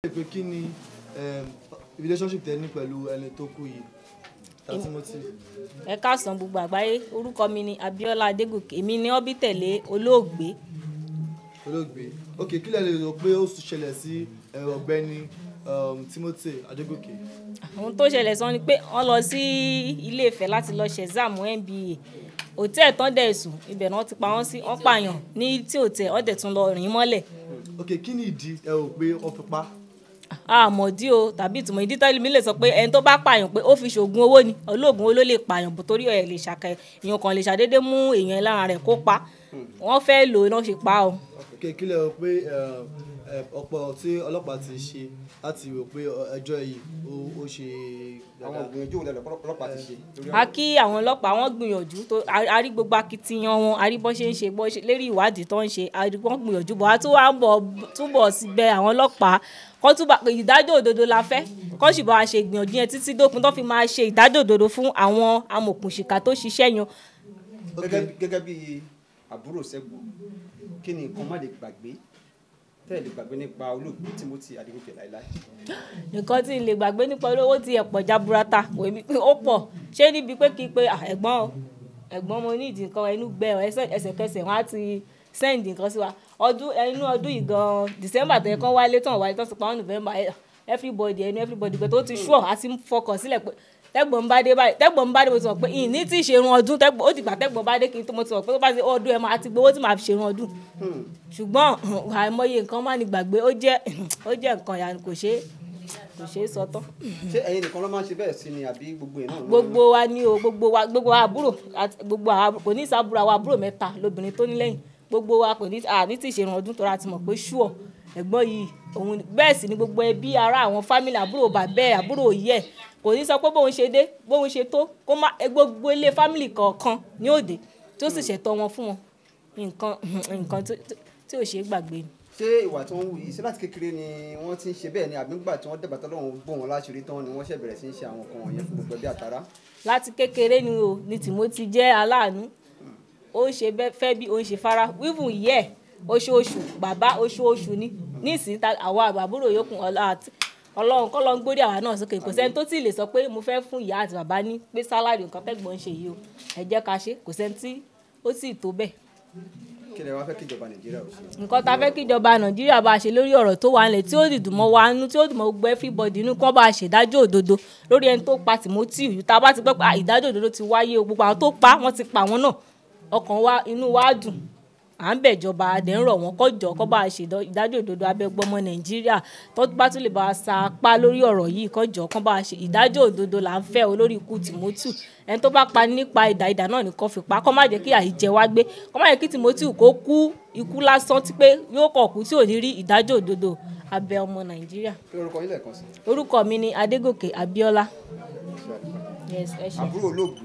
pé kí ni ehm, relationship tẹ ní pẹ̀lú ẹni tó kú yìí Timothy. ẹ káàsán gbogbo àgbáyé orúkọ mi ni Abíọ́lá Adégòkè èmi ni ó bí tẹ̀lé olóògbé. olóògbé ok kí lẹ lè rò pé ó ṣẹlẹ̀ sí eh, ọ̀gbẹ́ni ehm, Timothy Adégòkè. àwọn tó ṣẹlẹ̀ sọ ni pé wọ́n lọ sí ilé Ifẹ̀ láti lọ ṣe exam MBA òtẹ́ẹ̀ tán dẹ̀ sùn ibẹ̀ náà ti pa wọ́n sí wọ́n pààyàn ní tí òtẹ́ẹ̀ ọ̀dẹ̀ tún lọ rìn mọ́lẹ̀. ok kí ni ìdí ẹ rò pé wọ́n fi pa á àmọ̀dí o tàbí ìtumọ̀ ìdí tẹ́lẹ̀ mi lè sọ pé ẹni tó bá pààyàn pé ó fi ṣoògùn owó ni olóògùn owó ló lè pààyàn bó torí ẹ̀ lè ṣàkẹ́ èèyàn kan lè ṣàdédé mú èèyàn lára rẹ̀ kó pa wọ́n fẹ́ lò iná ṣe pa o. kílẹ̀ o pé ọ̀pọ̀ tí ọlọ́pàá ti ṣe láti rò pé ẹjọ́ yìí ó ṣe. àwọn gbìyànjú wo lẹ́nu ọlọ́pàá ti ṣe. a kí àwọn ọlọ́pàá wọn gbìyànjú tó a rí gbogbo akitiyan wọn a rí bọ́n ṣe ń ṣe bọ́n ṣe lérí ìwádìí tó ń ṣe a rí wọ́n gbìyànjú bọ́ a tún wà ń bọ̀ túbọ̀ sí bẹ àwọn ọlọ́pàá kọ́ tún bá ìdájọ́ òdodo la fẹ́ kọ́ sì bá wa ṣe ìgbìyànjú yẹn títí dópin tó fi máa ṣe ìdájọ́ òdodo fún àwọn amòkùnṣìkà tó ṣiṣẹ́ yan. gẹ́gẹ́ bí àbúrò Ṣẹ́gun kí ni nǹkan má lè gbàgbé tẹ́ẹ̀ lè gbàgbé nípa olóògbé Timothy Adégòkè láéláé. nǹkan tí n lè gbàgbé nípa olówó ti ẹ̀pọ̀ jaburata ó pọ̀ ṣé níbi pé kí n pe ẹ̀gbọ́n ẹ̀gbọ́n mo ní ìdí nǹkan ẹnu gbẹ ẹsẹ̀kẹsẹ̀ wọn á ti send nǹkan sí wa ọdún inú ọdún yìí gan december tó yẹ kán wálé tán wálé tán sì pa november everybody ẹnu everybody pé tó ti mm. sure àti fọkàn sílẹ̀ pé tẹ́gbọ̀n bá dé báyìí tẹ́gbọ̀n bá dé mo ti sọ pé ìyìn ní tí ì ṣerun ọdún tẹ́gbọ̀n ó ti gbà tẹ́gbọ̀n bá dé kí n tó mo ti sọ pé tó bá ṣe ọdún ẹ máa ti gbowó tí màá fi ṣerun ọdún hmm. ṣùgbọ́n àìmọye nǹkan má ní gbàgbé ó jẹ́ ó jẹ́ nǹkan ìyá kò ṣe kò ṣe é sọ tán. ṣé ẹ̀yin nìkan ló máa ń ṣe bẹ́ẹ̀ sí ni àbí gbogbo yẹn gbogbo wa ni o gbogbo wa gbogbo àbúrò gbogbo àbúrò kò ní ìsàbúrò àwọn àbúrò mẹ́ta lóbìnrin tó ní lẹ́yìn gbogbo wa kò ní àní tí ìṣèrun ọdún tó ra ti mọ̀ pé ṣùọ̀ ẹ̀gbọ́n yìí òun bẹ́ẹ̀ sì ni gbogbo ẹbí ara àwọn fámìlì àbúrò bàbẹ́ àbúrò yẹ kò ní sọ pé bóun ṣe dé bóun ṣe tó kó má gbogbo ilé fámìlì kọ̀ọ̀kan ní òde tí ó sì ṣètò wọn fún wọn nǹkan nǹkan tí ò ṣeé gbàgbé ni ṣé ìwà tó ń wù yìí ṣé láti kékeré ni wọ́n ti ń ṣe bẹ́ẹ̀ ni àbí ńgbà tí wọ́n dẹ̀bàtà lọ́wọ́ bò wọ́n láṣìírí tán ni wọ́n ṣẹ̀ sí ń ṣe àwọn kan wọ̀nyẹn fún gbogbo ẹbí àtàrà. láti kékeré ni o ni Timothy jẹ́ aláàánú ó ń ṣe fẹ́ bí ó ń ṣe fara wíwùn yẹ oṣooṣù bàbá oṣooṣù ni nísìnyí ta àwọn àbúrò yòókù ọlọ́run kọ́ ló ń gbórí àwa náà sókè kò sẹ́ni tó tí ì lè sọ pé mo fẹ́ fún ìyá àti bàbá ní pé sálárì nǹkan tẹ́gbọ́n ń ṣe yìí o ẹ jẹ́ ká ṣe kò sẹ́ni tí ó sì tó bẹ́ẹ̀. kí lẹ wá fẹ́ kíjọba nàìjíríà ó ṣe. nǹkan ta fẹ́ kíjọba nàìjíríà bá ṣe lórí ọ̀rọ̀ tó wà nílẹ̀ tí ó dùn mọ́ wa nú tí ó dùn mọ́ gbogbo everybody inú kọ́ bá a ṣèdájọ́ òdodo lórí ẹni tó pa Timothy yìí tá a bá ti gbọ́ pé ìdájọ́ òdodo ti wáyé o gbogbo àwọn ọkàn wa inú wa dùn à ń bẹ̀jọba adẹ̀ ń rọ̀ wọ́n kọjọ́ kọ́ bá a ṣe ìdájọ́ òdodo abẹ́gbọ́ ọmọ nàìjíríà tó bá tún lè bá a sa apá lórí ọ̀rọ̀ yìí kọjọ́ kọ́ bá a ṣe ìdájọ́ òdodo là ń fẹ́ olórí ikú tìmọ́tù ẹni tó bá pa nípa ìdà ìdà náà ní kọfí pa kọ́ má jẹ́ kí àìjẹ wá gbé kọ́ má jẹ́ kí tìmọ́tù kó kú ikú lásán tí pé yóò kọ̀ kú tí ò ní rí ìdájọ́ òdodo abẹ́ ọmọ yes, ẹ ṣé.